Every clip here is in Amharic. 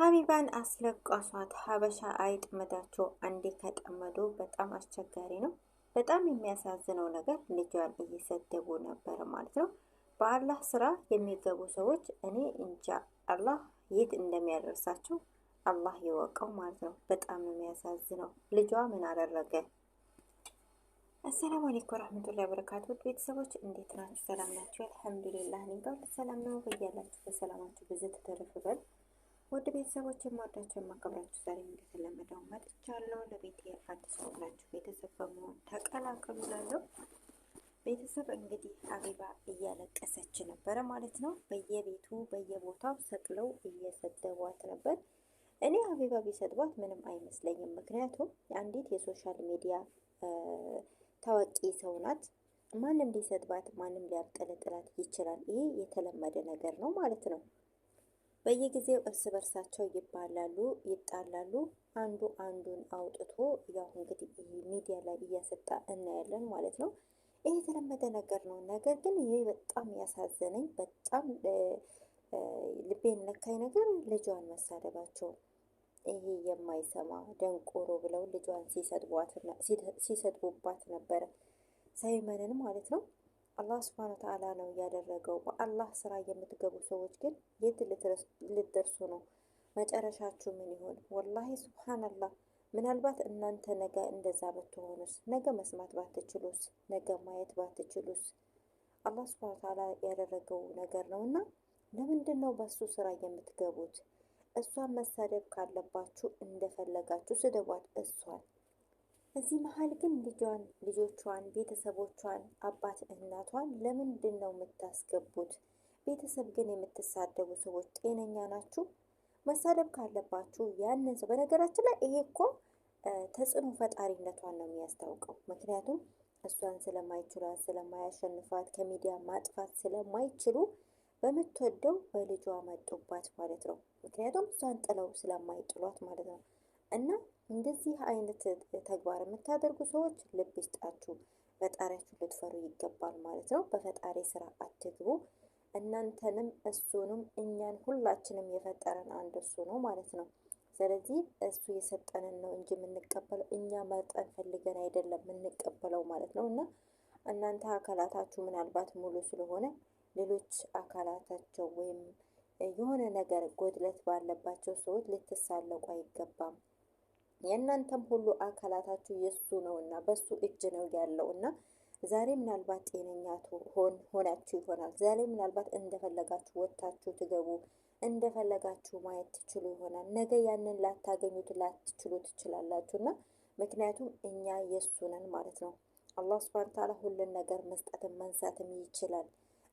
ሀቢባን አስለቀሷት። ሀበሻ አይጥመዳቸው አንዴ ከጠመዱ በጣም አስቸጋሪ ነው። በጣም የሚያሳዝነው ነገር ልጇን እየሰደቡ ነበር ማለት ነው። በአላህ ስራ የሚገቡ ሰዎች እኔ እንጃ አላህ የት እንደሚያደርሳቸው አላህ ይወቀው ማለት ነው። በጣም የሚያሳዝነው። ልጇ ምን አደረገ? አሰላሙ አለይኩም ወራህመቱላሂ ወበረካቱ። ቤተሰቦች እንዴት ናችሁ? ሰላም ናችሁ? አልሐምዱሊላህ እኔ ጋር ሰላም ነው። በያላችሁ በሰላማችሁ ብዙ ተተረፍበል ወደ ቤተሰቦች የማወዳቸው የማከብራችሁ ዛሬ እንደተለመደው መጥቻለሁ። ለቤት አዲስ ሆናችሁ ቤተሰብ በመሆን ተቀላቀሉ ላለው ቤተሰብ እንግዲህ አቢባ እያለቀሰች ነበረ ማለት ነው። በየቤቱ በየቦታው ሰቅለው እየሰደቧት ነበር። እኔ አቢባ ቢሰድቧት ምንም አይመስለኝም። ምክንያቱም አንዲት የሶሻል ሚዲያ ታዋቂ ሰው ናት። ማንም ሊሰድባት፣ ማንም ሊያብጠለጥላት ይችላል። ይሄ የተለመደ ነገር ነው ማለት ነው። በየጊዜው እርስ በርሳቸው ይባላሉ፣ ይጣላሉ። አንዱ አንዱን አውጥቶ ያው እንግዲህ ሚዲያ ላይ እያሰጣ እናያለን ማለት ነው። ይህ የተለመደ ነገር ነው። ነገር ግን ይህ በጣም ያሳዘነኝ በጣም ልቤን ነካኝ ነገር ልጇን መሳደባቸው ይሄ የማይሰማ ደንቆሮ ብለው ልጇን ሲሰድቡባት ነበረ ሳይመንን ማለት ነው። አላህ ስብሃነ ወተዓላ ነው ያደረገው። በአላህ ስራ የምትገቡ ሰዎች ግን የት ልትደርሱ ነው? መጨረሻችሁ ምን ይሆን? ወላሂ ስብሃነላህ። ምናልባት እናንተ ነገ እንደዛ ብትሆኑስ? ነገ መስማት ባትችሉስ? ነገ ማየት ባትችሉስ? አላህ ስብሃነ ወተዓላ ያደረገው ነገር ነው እና ለምንድን ነው በሱ ስራ የምትገቡት? እሷን መሳደብ ካለባችሁ እንደፈለጋችሁ ስደቧት እሷን እዚህ መሀል ግን ልጇን ልጆቿን ቤተሰቦቿን አባት እናቷን ለምንድን ነው የምታስገቡት? ቤተሰብ ግን የምትሳደቡ ሰዎች ጤነኛ ናችሁ? መሳደብ ካለባችሁ ያንን ሰው በነገራችን ላይ ይሄ እኮ ተጽዕኖ ፈጣሪነቷን ነው የሚያስታውቀው። ምክንያቱም እሷን ስለማይችሏት ስለማያሸንፏት ከሚዲያ ማጥፋት ስለማይችሉ በምትወደው በልጇ መጡባት ማለት ነው። ምክንያቱም እሷን ጥለው ስለማይጥሏት ማለት ነው። እና እንደዚህ አይነት ተግባር የምታደርጉ ሰዎች ልብ ይስጣችሁ፣ ፈጣሪያችሁ ልትፈሩ ይገባል ማለት ነው። በፈጣሪ ስራ አትግቡ። እናንተንም እሱንም እኛን ሁላችንም የፈጠረን አንድ እሱ ነው ማለት ነው። ስለዚህ እሱ የሰጠንን ነው እንጂ የምንቀበለው እኛ መርጠን ፈልገን አይደለም የምንቀበለው ማለት ነው እና እናንተ አካላታችሁ ምናልባት ሙሉ ስለሆነ ሌሎች አካላታቸው ወይም የሆነ ነገር ጎድለት ባለባቸው ሰዎች ልትሳለቁ አይገባም። የእናንተም ሁሉ አካላታችሁ የእሱ ነው እና በእሱ እጅ ነው ያለው እና ዛሬ ምናልባት ጤነኛ ሆን ሆናችሁ ይሆናል። ዛሬ ምናልባት እንደፈለጋችሁ ወጥታችሁ ትገቡ እንደፈለጋችሁ ማየት ትችሉ ይሆናል። ነገ ያንን ላታገኙት ላትችሉ ትችላላችሁ እና ምክንያቱም እኛ የእሱ ነን ማለት ነው። አላህ ስብሃነ ተዓላ ሁሉን ነገር መስጠትም መንሳትም ይችላል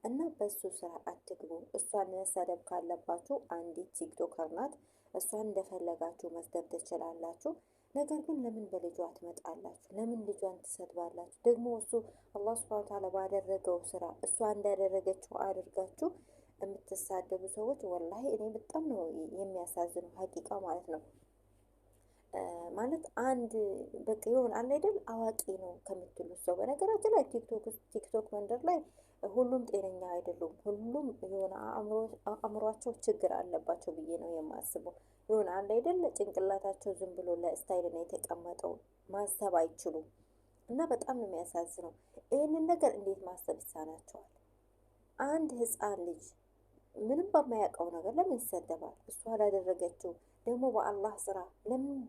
እና በእሱ ስራ አትግቡ። እሷን መሰደብ ካለባችሁ አንዲት ቲክቶከር ናት። እሷን እንደፈለጋችሁ መስደብ ትችላላችሁ። ነገር ግን ለምን በልጇ ትመጣላችሁ? ለምን ልጇን ትሰድባላችሁ? ደግሞ እሱ አላህ ስብሐኑ ተዓላ ባደረገው ስራ እሷ እንዳደረገችው አድርጋችሁ የምትሳደቡ ሰዎች ወላሂ እኔ በጣም ነው የሚያሳዝነው ሀቂቃ ማለት ነው። ማለት አንድ በቃ የሆነ አለ አይደል አዋቂ ነው ከምትሉት ሰው። በነገራችን ላይ ቲክቶክ መንደር ላይ ሁሉም ጤነኛ አይደሉም። ሁሉም የሆነ አእምሯቸው ችግር አለባቸው ብዬ ነው የማስበው። የሆነ አለ አይደል ጭንቅላታቸው ዝም ብሎ ለስታይል ነው የተቀመጠው። ማሰብ አይችሉም እና በጣም ነው የሚያሳዝነው። ይህንን ነገር እንዴት ማሰብ ይሳናቸዋል? አንድ ህፃን ልጅ ምንም በማያውቀው ነገር ለምን ይሰደባል? እሷ ላደረገችው ደግሞ በአላህ ስራ ለምን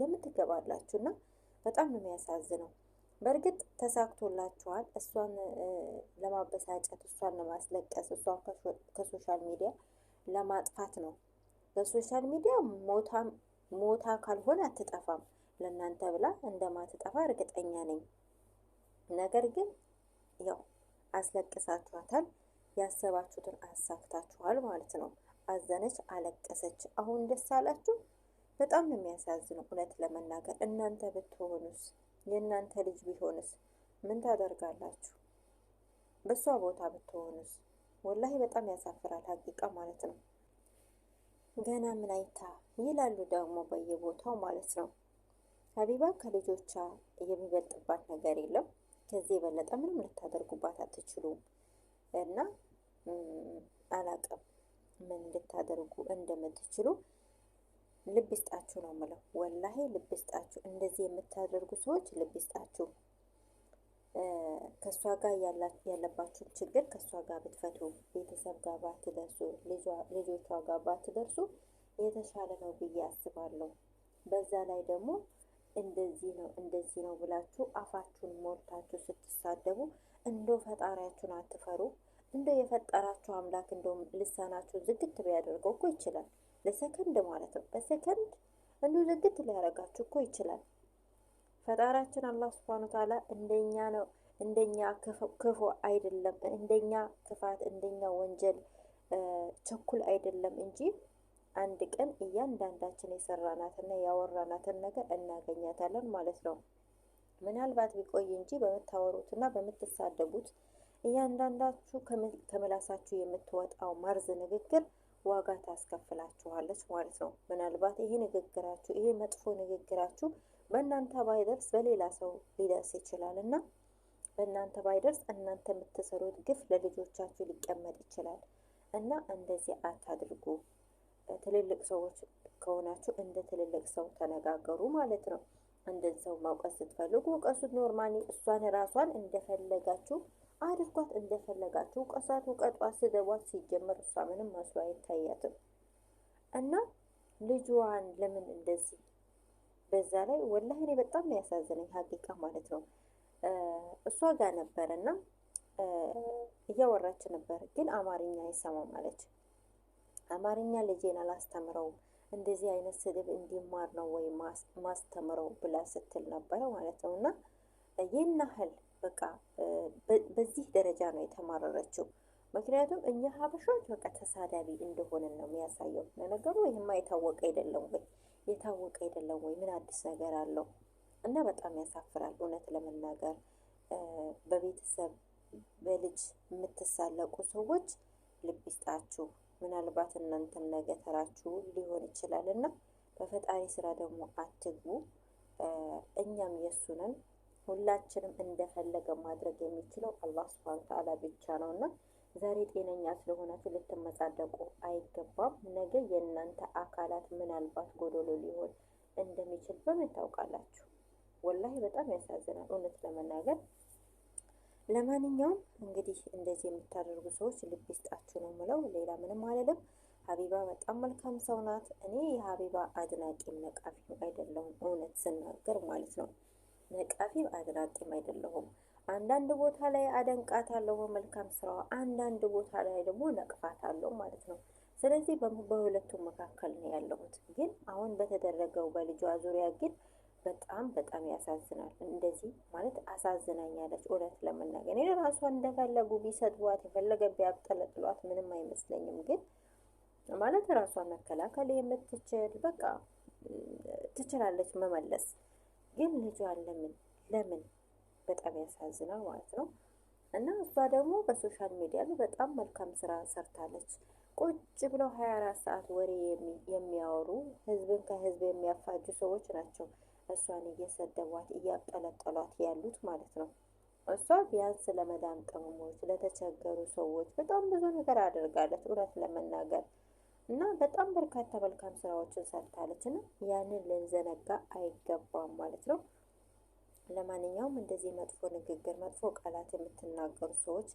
የምትገባላችሁ እና በጣም ነው የሚያሳዝነው። በእርግጥ ተሳክቶላችኋል። እሷን ለማበሳጨት፣ እሷን ለማስለቀስ፣ እሷን ከሶሻል ሚዲያ ለማጥፋት ነው። በሶሻል ሚዲያ ሞታ ካልሆነ አትጠፋም። ለእናንተ ብላ እንደማትጠፋ እርግጠኛ ነኝ። ነገር ግን ያው አስለቅሳችኋታል። ያሰባችሁትን አሳክታችኋል ማለት ነው። አዘነች፣ አለቀሰች። አሁን ደስ አላችሁ። በጣም ነው የሚያሳዝነው። እውነት ለመናገር እናንተ ብትሆኑስ፣ የእናንተ ልጅ ቢሆንስ ምን ታደርጋላችሁ? በእሷ ቦታ ብትሆኑስ? ወላሂ በጣም ያሳፍራል። ሀቂቃ ማለት ነው። ገና ምን አይታ ይላሉ ደግሞ በየቦታው ማለት ነው። ሀቢባ ከልጆቿ የሚበልጥባት ነገር የለም። ከዚህ የበለጠ ምንም ልታደርጉባት አትችሉም። እና አላቅም ምን ልታደርጉ እንደምትችሉ ልብ ይስጣችሁ ነው የምለው። ወላሂ ልብ ይስጣችሁ። እንደዚህ የምታደርጉ ሰዎች ልብ ይስጣችሁ። ከእሷ ጋር ያለባችሁን ችግር ከእሷ ጋር ብትፈቱ፣ ቤተሰብ ጋር ባትደርሱ፣ ልጆቿ ጋር ባትደርሱ የተሻለ ነው ብዬ አስባለሁ። በዛ ላይ ደግሞ እንደዚህ ነው እንደዚህ ነው ብላችሁ አፋችሁን ሞልታችሁ ስትሳደቡ እንደ ፈጣሪያችሁን አትፈሩ። እንደ የፈጠራችሁ አምላክ እንደውም ልሳናችሁ ዝግት ቢያደርገው እኮ ይችላል። ለሰከንድ ማለት ነው። በሰከንድ እንዲሁ ዝግት ሊያረጋችሁ እኮ ይችላል። ፈጣሪያችን አላህ ስብሃነ ወተዓላ እንደኛ ነው፣ እንደኛ ክፉ አይደለም፣ እንደኛ ክፋት፣ እንደኛ ወንጀል ቸኩል አይደለም እንጂ አንድ ቀን እያንዳንዳችን የሰራናትና ያወራናትን ነገር እናገኛታለን ማለት ነው። ምናልባት ቢቆይ እንጂ በምታወሩትና በምትሳደቡት እያንዳንዳችሁ ከምላሳችሁ የምትወጣው መርዝ ንግግር ዋጋ ታስከፍላችኋለች ማለት ነው። ምናልባት ይሄ ንግግራችሁ ይሄ መጥፎ ንግግራችሁ በእናንተ ባይደርስ በሌላ ሰው ሊደርስ ይችላል እና በእናንተ ባይደርስ እናንተ የምትሰሩት ግፍ ለልጆቻችሁ ሊቀመጥ ይችላል እና እንደዚህ አታድርጉ። ትልልቅ ሰዎች ከሆናችሁ እንደ ትልልቅ ሰው ተነጋገሩ ማለት ነው። አንድን ሰው ማውቀስ ስትፈልጉ ውቀሱት። ኖርማሊ እሷን ራሷን እንደፈለጋችሁ አድርጓት እንደፈለጋችሁ ቀሷት፣ ውቀጧት፣ ስደቧት። ሲጀመር እሷ ምንም መስሎ አይታያትም እና ልጇን ለምን እንደዚህ በዛ ላይ ወላሂ እኔ በጣም ነው ያሳዘነኝ፣ ሀቂቃ ማለት ነው። እሷ ጋር ነበረ እና እያወራች ነበር፣ ግን አማርኛ አይሰማም አለች። አማርኛ ልጄን አላስተምረው እንደዚህ አይነት ስድብ እንዲማር ነው ወይ ማስተምረው ብላ ስትል ነበረ ማለት ነው እና ይህን ያህል በቃ በዚህ ደረጃ ነው የተማረረችው። ምክንያቱም እኛ ሀበሾች በቃ ተሳዳቢ እንደሆነን ነው የሚያሳየው። ለነገሩ ይህማ የታወቀ አይደለም ወይ የታወቀ አይደለም ወይ? ምን አዲስ ነገር አለው? እና በጣም ያሳፍራል። እውነት ለመናገር በቤተሰብ በልጅ የምትሳለቁ ሰዎች ልብ ይስጣችሁ። ምናልባት እናንተም ነገ ተራችሁ ሊሆን ይችላል እና በፈጣሪ ስራ ደግሞ አትግቡ። እኛም የእሱ ነን። ሁላችንም እንደፈለገ ማድረግ የሚችለው አላህ ስብሃነ ተዓላ ብቻ ነው እና ዛሬ ጤነኛ ስለሆናችሁ ልትመጻደቁ አይገባም። ነገ የእናንተ አካላት ምናልባት ጎዶሎ ሊሆን እንደሚችል በምን ታውቃላችሁ? ወላሂ በጣም ያሳዝናል፣ እውነት ለመናገር ለማንኛውም እንግዲህ እንደዚህ የምታደርጉ ሰዎች ልብ ይስጣችሁ ነው ምለው፣ ሌላ ምንም አለለም። ሀቢባ በጣም መልካም ሰው ናት። እኔ የሀቢባ አድናቂም ነቃፊም አይደለሁም እውነት ስናገር ማለት ነው። ነቃፊም አድናቂም አይደለሁም። አንዳንድ ቦታ ላይ አደንቃታለሁ በመልካም ስራዋ፣ አንዳንድ ቦታ ላይ ደግሞ ነቅፋታለሁ ማለት ነው። ስለዚህ በሁለቱም መካከል ነው ያለሁት። ግን አሁን በተደረገው በልጇ ዙሪያ ግን በጣም በጣም ያሳዝናል። እንደዚህ ማለት አሳዝናኛለች። እውነት ለመናገር እኔ ራሷ እንደፈለጉ ቢሰድቧት የፈለገ ቢያብጠለጥሏት ምንም አይመስለኝም። ግን ማለት ራሷን መከላከል የምትችል በቃ ትችላለች መመለስ ግን ልጇን ለምን ለምን በጣም ያሳዝናል ማለት ነው። እና እሷ ደግሞ በሶሻል ሚዲያ ላይ በጣም መልካም ስራ ሰርታለች። ቁጭ ብለው ሀያ አራት ሰዓት ወሬ የሚያወሩ ህዝብን ከህዝብ የሚያፋጁ ሰዎች ናቸው እሷን እየሰደቧት እያጠለጠሏት ያሉት ማለት ነው። እሷ ቢያንስ ለመዳም ጥቅሞች ለተቸገሩ ሰዎች በጣም ብዙ ነገር አድርጋለች እውነት ለመናገር እና በጣም በርካታ መልካም ስራዎችን ሰርታለች እና ያንን ልንዘነጋ አይገባም ማለት ነው። ለማንኛውም እንደዚህ መጥፎ ንግግር፣ መጥፎ ቃላት የምትናገሩ ሰዎች